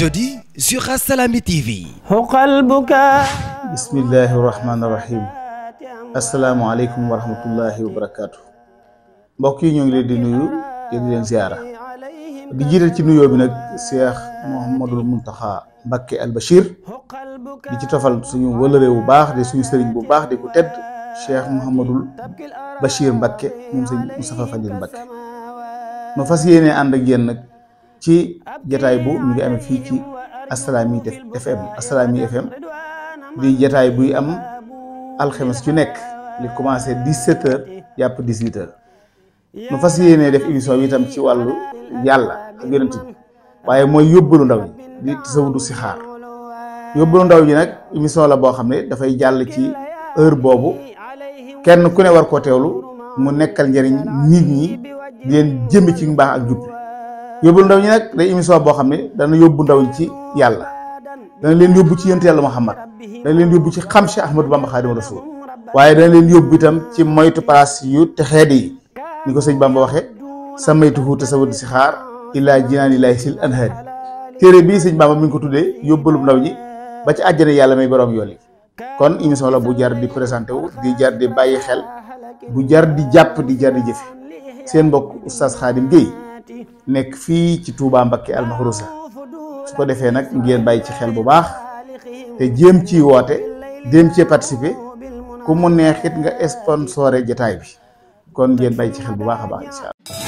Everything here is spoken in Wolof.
jeudi sur Assalaamy TV xuqal bukaa bismillahi rahmaani wa barakaatu mbokk yi ñoo ngi leen di nuyu yéen leen ziara di jiital ci nuyoo bi nag Cheikh Mouhamadul Mountakha Mbacké al Bachir di ci tofal suñu wëlëre bu baax di suñu sëriñ bu baax di ku tedd Cheikh Mouhamadul Bachir Mbacké moom sëñ Moustapha Fadil Mbacké ma fas yéene ànd ak yéen nag ci jataay bu ñu ngi amee fii ci Assalaamy FM Assalaamy FM di jataay buy am alxemes ci nekk li commencé 17h yàpp 18h nu fas yéenee def émission bi itam ci wàllu yàlla ak yonent bi waaye mooy yóbbalu ndaw ñi di tasawudu si xaar yóbbalu ndaw ñi nag émission la boo xam ne dafay jàll ci heure boobu kenn ku ne war koo teewlu mu nekkal njëriñ nit ñi di leen jëm ci mbaax ak jub yóbbul ndaw ñi nag day émission boo xam ne dana yóbbu ndaw ñi ci yàlla dana leen yóbbu ci yonent yàlla Muhammad dana leen yóbbu ci xam Cheikh Ahmadou Bamba Xaadimu Rasuul waaye dana leen yóbbu itam ci moytu place yu texeede yi ni ko sëñ Bamba waxee sa maytuhu tasawud si xaar illaa jinaani lay sil anhaadi téere bii sëñ Bamba mi ngi ko tuddee yóbbalum ndaw ñi ba ci àjjana yàlla may borom yool yi kon émission la bu jar di présenté wu di jar di bàyyi xel bu jar di jàpp di jar di seen mbokk Oustaz Khadim nekk fii ci tuubaa Touba Mbakke Almakhroussa su ko defee nag ngeen bàyyi ci xel bu baax te jéem ci woote jéem cee participer ku mu neexit nga sponsoré jotaay bi kon ngeen bàyyi ci xel bu baax a baax incha allah